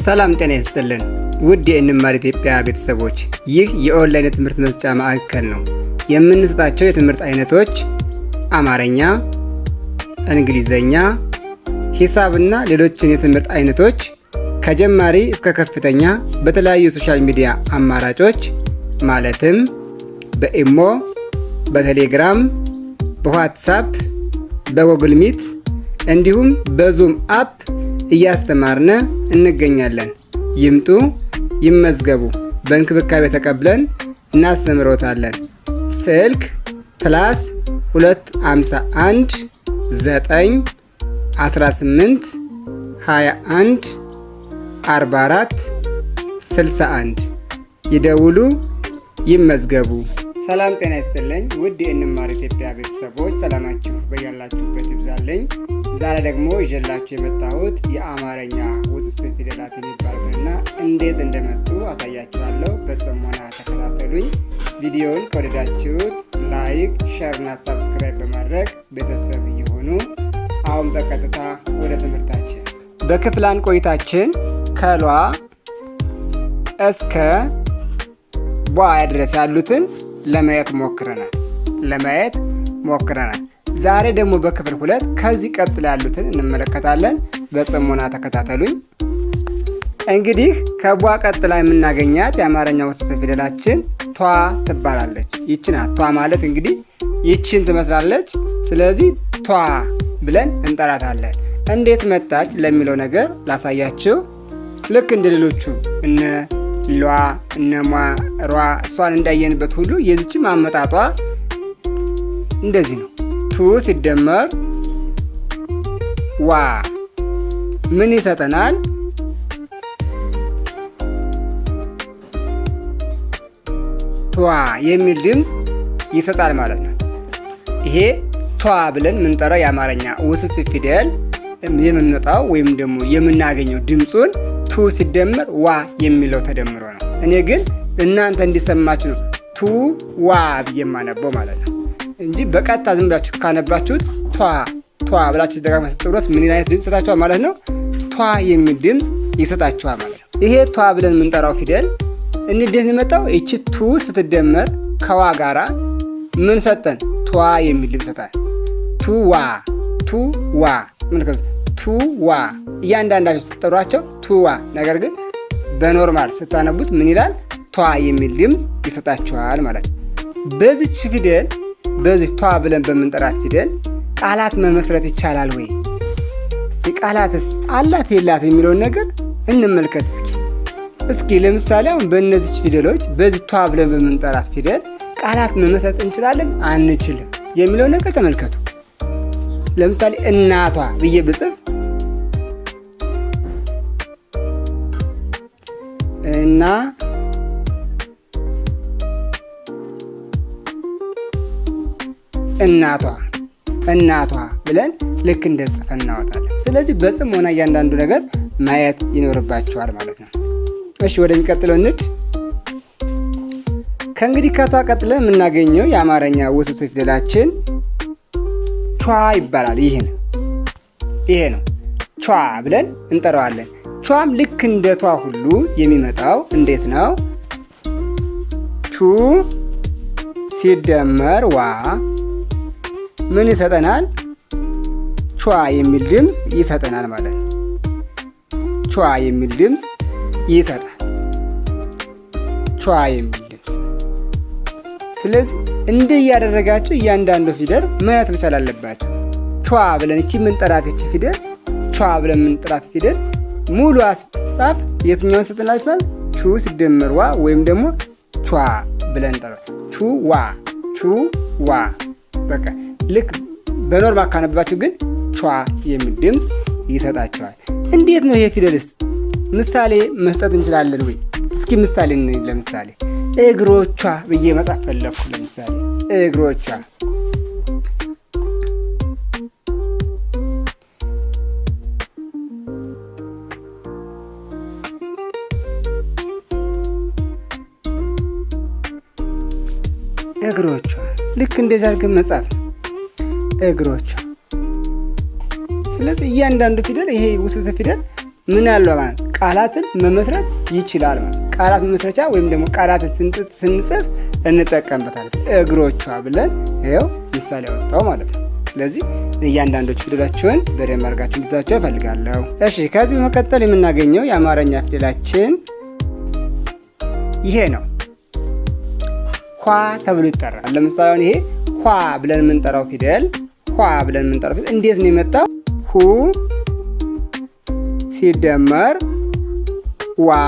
ሰላም ጤና ይስጥልን ውድ የእንማር ኢትዮጵያ ቤተሰቦች፣ ይህ የኦንላይን የትምህርት መስጫ ማዕከል ነው። የምንሰጣቸው የትምህርት አይነቶች አማርኛ፣ እንግሊዘኛ፣ ሂሳብና ሌሎችን የትምህርት አይነቶች ከጀማሪ እስከ ከፍተኛ በተለያዩ የሶሻል ሚዲያ አማራጮች ማለትም በኢሞ፣ በቴሌግራም፣ በዋትሳፕ፣ በጎግል ሚት እንዲሁም በዙም አፕ እያስተማርነ እንገኛለን። ይምጡ፣ ይመዝገቡ። በእንክብካቤ ተቀብለን እናስተምሮታለን። ስልክ ፕላስ 251 9 18 21 44 61 ይደውሉ፣ ይመዝገቡ። ሰላም ጤና ይስጥልኝ ውድ የእንማር ኢትዮጵያ ቤተሰቦች ሰላማችሁ በያላችሁበት ይብዛልኝ። ዛሬ ደግሞ ይዤላችሁ የመጣሁት የአማርኛ ውስብስብ ፊደላት የሚባሉትንና እንዴት እንደመጡ አሳያችኋለሁ። በጽሞና ተከታተሉኝ። ቪዲዮውን ከወደዳችሁት ላይክ፣ ሸር እና ሳብስክራይብ በማድረግ ቤተሰብ እየሆኑ አሁን በቀጥታ ወደ ትምህርታችን በክፍላን ቆይታችን ከሏ እስከ ቧ ድረስ ያሉትን ለማየት ሞክረናል ለማየት ሞክረናል። ዛሬ ደግሞ በክፍል ሁለት ከዚህ ቀጥል ያሉትን እንመለከታለን። በጽሞና ተከታተሉኝ። እንግዲህ ከቧ ቀጥላ የምናገኛት የአማርኛ ውስብስብ ፊደላችን ቷ ትባላለች። ይችና ናት። ቷ ማለት እንግዲህ ይችን ትመስላለች። ስለዚህ ቷ ብለን እንጠራታለን። እንዴት መጣች ለሚለው ነገር ላሳያችው ልክ እንደ ሌሎቹ እነ ሏ እነሟ ሯ እሷን እንዳየንበት ሁሉ የዚችም አመጣጧ እንደዚህ ነው። ቱ ሲደመር ዋ ምን ይሰጠናል? ቷ የሚል ድምፅ ይሰጣል ማለት ነው። ይሄ ቷ ብለን የምንጠራው የአማርኛ ውስብስብ ፊደል የምንመጣው ወይም ደግሞ የምናገኘው ድምፁን ቱ ሲደመር ዋ የሚለው ተደምሮ ነው። እኔ ግን እናንተ እንዲሰማችሁ ነው ቱ ዋ ብዬ የማነበው ማለት ነው እንጂ በቀጥታ ዝም ብላችሁ ካነባችሁት ቷ ቷ ብላችሁ ደጋግማ ስትጥሩት ምን አይነት ድምፅ ይሰጣችኋል ማለት ነው። ቷ የሚል ድምፅ ይሰጣችኋል ማለት ነው። ይሄ ቷ ብለን የምንጠራው ፊደል እንዴት የመጣው ይቺ ቱ ስትደመር ከዋ ጋራ ምን ሰጠን? ቷ የሚል ድምፅ ሰጣል። ቱ ዋ ቱ ዋ ቱዋ እያንዳንዳቸው ስትጠሯቸው ቱዋ፣ ነገር ግን በኖርማል ስታነቡት ምን ይላል? ቷ የሚል ድምፅ ይሰጣችኋል ማለት ነው። በዚች ፊደል በዚች ቷ ብለን በምንጠራት ፊደል ቃላት መመስረት ይቻላል ወይ? ቃላትስ አላት የላት የሚለውን ነገር እንመልከት እስኪ እስኪ ለምሳሌ አሁን በእነዚች ፊደሎች በዚህ ቷ ብለን በምንጠራት ፊደል ቃላት መመስረት እንችላለን አንችልም የሚለውን ነገር ተመልከቱ። ለምሳሌ እናቷ ብዬ ብጽፍ እና እናቷ እናቷ ብለን ልክ እንደ ጽፈን እናወጣለን። ስለዚህ በጽሞና እያንዳንዱ ነገር ማየት ይኖርባቸዋል ማለት ነው። እሺ ወደሚቀጥለው እንድ ከእንግዲህ ከቷ ቀጥለን የምናገኘው የአማርኛ ውስብስብ ፊደላችን ቿ ይባላል። ይህ ይሄ ነው ቿ ብለን እንጠራዋለን። ቿም ልክ እንደ ቷ ሁሉ የሚመጣው እንዴት ነው? ቹ ሲደመር ዋ ምን ይሰጠናል? ቿ የሚል ድምፅ ይሰጠናል ማለት ነው። ቿ የሚል ድምፅ ይሰጣል። ቿ የሚል ድምፅ። ስለዚህ እንዲህ እያደረጋቸው እያንዳንዱ ፊደል ማየት መቻል አለባቸው። ቿ ብለን እቺ የምንጠራት እቺ ፊደል ቿ ብለን የምንጠራት ፊደል ሙሉ አጻፍ የትኛውን ሰጥናለች ማለት ቹ ሲደመር ዋ ወይም ደግሞ ቿ ብለን ጠረ ቹ ዋ ቹ ዋ በቃ ልክ በኖርማ ካነበባችሁ ግን ቿ የሚል ድምፅ ይሰጣቸዋል። እንዴት ነው ይሄ ፊደልስ? ምሳሌ መስጠት እንችላለን ወይ? እስኪ ምሳሌ ለምሳሌ እግሮቿ ብዬ መጻፍ ፈለግኩ። ለምሳሌ እግሮቿ እግሮቿ ልክ እንደዛ አድርገን መጻፍ ነው። እግሮቿ። ስለዚህ እያንዳንዱ ፊደል ይሄ ውስብስብ ፊደል ምን አለው ማለት ቃላትን መመስረት ይችላል ማለት ቃላት መመስረቻ ወይም ደግሞ ቃላትን ስንጽፍ እንጠቀምበታለን። እግሮቿ ብለን ይኸው ምሳሌ ያወጣው ማለት ነው። ስለዚህ እያንዳንዶቹ ፊደላቸውን በደንብ አድርጋችሁ እንዲዛቸው እፈልጋለሁ። እሺ፣ ከዚህ በመቀጠል የምናገኘው የአማርኛ ፊደላችን ይሄ ነው። ኳ ተብሎ ይጠራል። ለምሳሌ አሁን ይሄ ኳ ብለን የምንጠራው ፊደል ኳ ብለን የምንጠራው ፊደል እንዴት ነው የመጣው? ሁ ሲደመር ዋ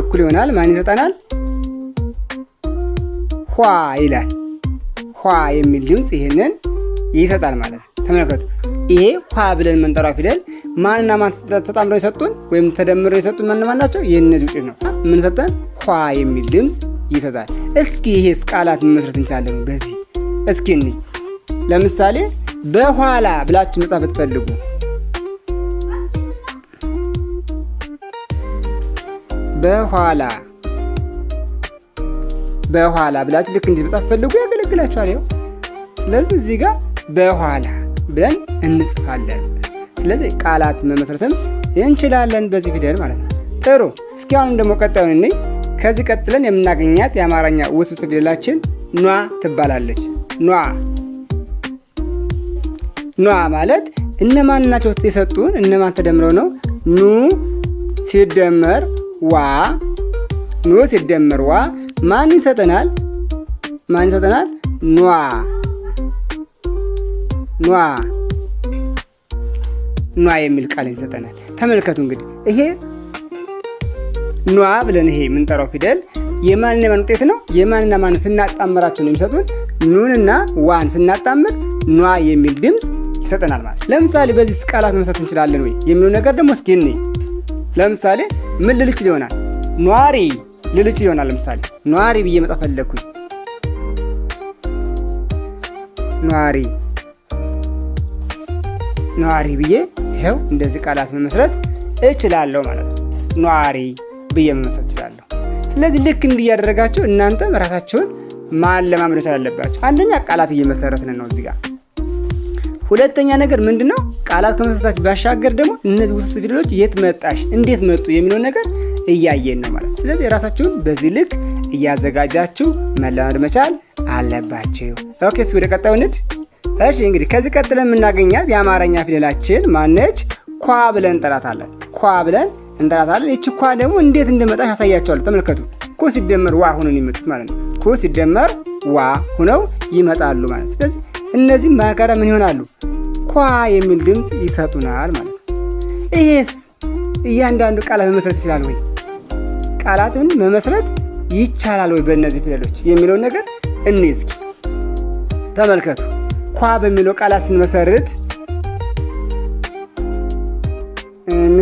እኩል ይሆናል ማን ይሰጠናል? ኳ ይላል። ኳ የሚል ድምፅ ይህንን ይሰጣል ማለት ነው። ተመልከቱ። ይሄ ኳ ብለን የምንጠራው ፊደል ማንና ማን ተጣምረው የሰጡን ወይም ተደምረው የሰጡን ማን ማን ናቸው? የእነዚህ ውጤት ነው። ምን ሰጠን? ኳ የሚል ድምፅ ይሰጣል። እስኪ ይሄስ ቃላት መመስረት እንችላለን። በዚህ እስኪ እኔ ለምሳሌ በኋላ ብላችሁ መጻፍ ብትፈልጉ በኋላ በኋላ ብላችሁ ልክ እንዲህ መጻፍ ፈልጉ ያገለግላችኋል። ይኸው ስለዚህ እዚህ ጋር በኋላ ብለን እንጽፋለን። ስለዚህ ቃላት መመስረትም እንችላለን በዚህ ፊደል ማለት ነው። ጥሩ። እስኪ አሁን ደግሞ ቀጣዩን እንይ። ከዚህ ቀጥለን የምናገኛት የአማርኛ ውስብስብ ፊደላችን ኗ ትባላለች። ኗ ኗ ማለት እነማን ናቸው የሰጡን? እነማን ተደምረው ነው ኑ ሲደመር ዋ ኑ ሲደመር ዋ ማን ይሰጠናል? ማን ይሰጠናል? ኗ ኗ ኗ የሚል ቃል ይሰጠናል። ተመልከቱ እንግዲህ ይሄ ኗ ብለን ይሄ የምንጠራው ፊደል የማንና የማን ውጤት ነው? የማንና ማን ስናጣምራቸው ነው የሚሰጡን? ኑንና ዋን ስናጣምር ኗ የሚል ድምፅ ይሰጠናል ማለት። ለምሳሌ በዚህ ቃላት መመስረት እንችላለን ወይ የሚሉ ነገር ደግሞ እስኪ ለምሳሌ ምን ልልችል ይሆናል? ኗሪ ልልችል ይሆናል። ለምሳሌ ኗሪ ብዬ መጻፍ ፈለግኩኝ። ኗሪ ኗሪ ብዬ ይኸው እንደዚህ ቃላት መመስረት እችላለሁ ማለት ነው። ኗሪ ብዬ መመሰት እችላለሁ። ስለዚህ ልክ እንዲህ እያደረጋችሁ እናንተም ራሳችሁን ማለማመድ መቻል አለባችሁ። አንደኛ ቃላት እየመሰረትን ነው እዚህ ጋር። ሁለተኛ ነገር ምንድን ነው ቃላት ከመሰረታችሁ ባሻገር ደግሞ እነዚህ ውስብስብ ፊደሎች የት መጣሽ፣ እንዴት መጡ የሚለውን ነገር እያየን ነው ማለት። ስለዚህ ራሳችሁን በዚህ ልክ እያዘጋጃችሁ መለማመድ መቻል አለባችሁ። ኦኬ፣ እስኪ ወደ ቀጣዩ ንድ። እሺ፣ እንግዲህ ከዚህ ቀጥለን የምናገኛት የአማርኛ ፊደላችን ማነች? ኳ ብለን እንጠራታለን። ኳ ብለን እንጠራታለን። ይች ኳ ደግሞ እንዴት እንደመጣች ያሳያቸዋለሁ። ተመልከቱ። ኩ ሲደመር ዋ ሆነው የሚመጡት ማለት ነው። ኩ ሲደመር ዋ ሆነው ይመጣሉ ማለት ነው። ስለዚህ እነዚህ ማካዳ ምን ይሆናሉ? ኳ የሚል ድምፅ ይሰጡናል ማለት ነው። ይሄስ እያንዳንዱ ቃላት መመስረት ይችላል ወይ? ቃላትን መመስረት ይቻላል ወይ በእነዚህ ፊደሎች የሚለውን ነገር እኔ እስኪ ተመልከቱ። ኳ በሚለው ቃላት ስንመሰርት እን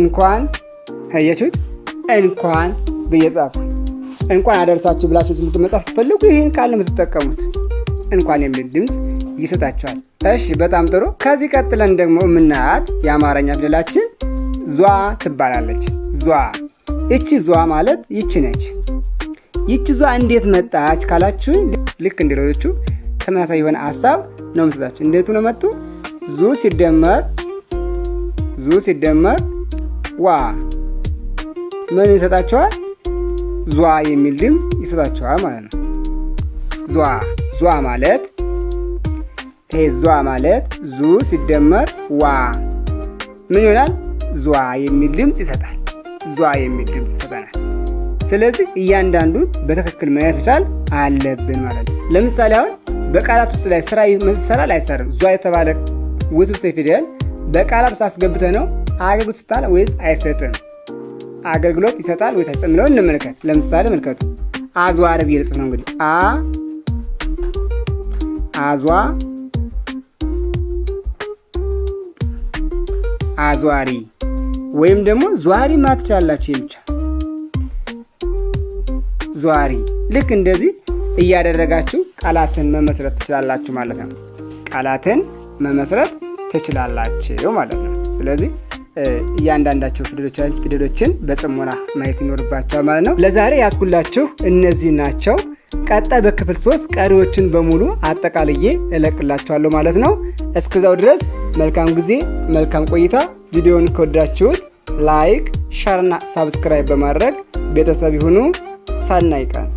እንኳን አያችሁት፣ እንኳን ብዬ እንኳን አደርሳችሁ ብላችሁ መጽሐፍ ስትፈልጉ ይህን ቃል ነው የምትጠቀሙት። እንኳን የሚል ድምፅ ይሰጣችኋል። እሺ፣ በጣም ጥሩ። ከዚህ ቀጥለን ደግሞ የምናያት የአማርኛ ፊደላችን ዟ ትባላለች። ዟ ይቺ ዟ ማለት ይቺ ነች። ይቺ ዟ እንዴት መጣች ካላችሁ ልክ እንደሌሎቹ ተመሳሳይ የሆነ ሀሳብ ነው የምሰጣችሁ። እንዴቱ ነው መጡ ዙ ሲደመር ዙ ሲደመር ዋ ምን ይሰጣቸዋል? ዟ የሚል ድምፅ ይሰጣቸዋል ማለት ነው። ዟ ዟ ማለት ይሄ ዟ ማለት ዙ ሲደመር ዋ ምን ይሆናል? ዟ የሚል ድምፅ ይሰጣል። ዟ የሚል ድምፅ ይሰጠናል። ስለዚህ እያንዳንዱን በትክክል ማየት መቻል አለብን ማለት ነው። ለምሳሌ አሁን በቃላት ውስጥ ላይ ስራ ይሰራል አይሰርም? ዟ የተባለ ውስብስብ ፊደል በቃላት ውስጥ አስገብተ ነው አገልግሎት ይሰጣል ወይስ አይሰጥም? አገልግሎት ይሰጣል ወይስ አይሰጥም ነው እንመልከት። ለምሳሌ መልከቱ አዟ ብዬ ልጽፍ ነው እንግዲህ አ አዟ አዟሪ ወይም ደግሞ ዟሪ ማትቻላችሁ ብቻ ዟሪ። ልክ እንደዚህ እያደረጋችሁ ቃላትን መመስረት ትችላላችሁ ማለት ነው። ቃላትን መመስረት ትችላላችሁ ማለት ነው። ስለዚህ እያንዳንዳቸው ፊደሎች ፊደሎችን በጽሞና ማየት ይኖርባቸዋል ማለት ነው። ለዛሬ ያስኩላችሁ እነዚህ ናቸው። ቀጣይ በክፍል ሶስት ቀሪዎችን በሙሉ አጠቃልዬ እለቅላችኋለሁ ማለት ነው። እስከዛው ድረስ መልካም ጊዜ፣ መልካም ቆይታ። ቪዲዮውን ከወዳችሁት ላይክ፣ ሻርና ሳብስክራይብ በማድረግ ቤተሰብ ይሁኑ። ሳናይቀን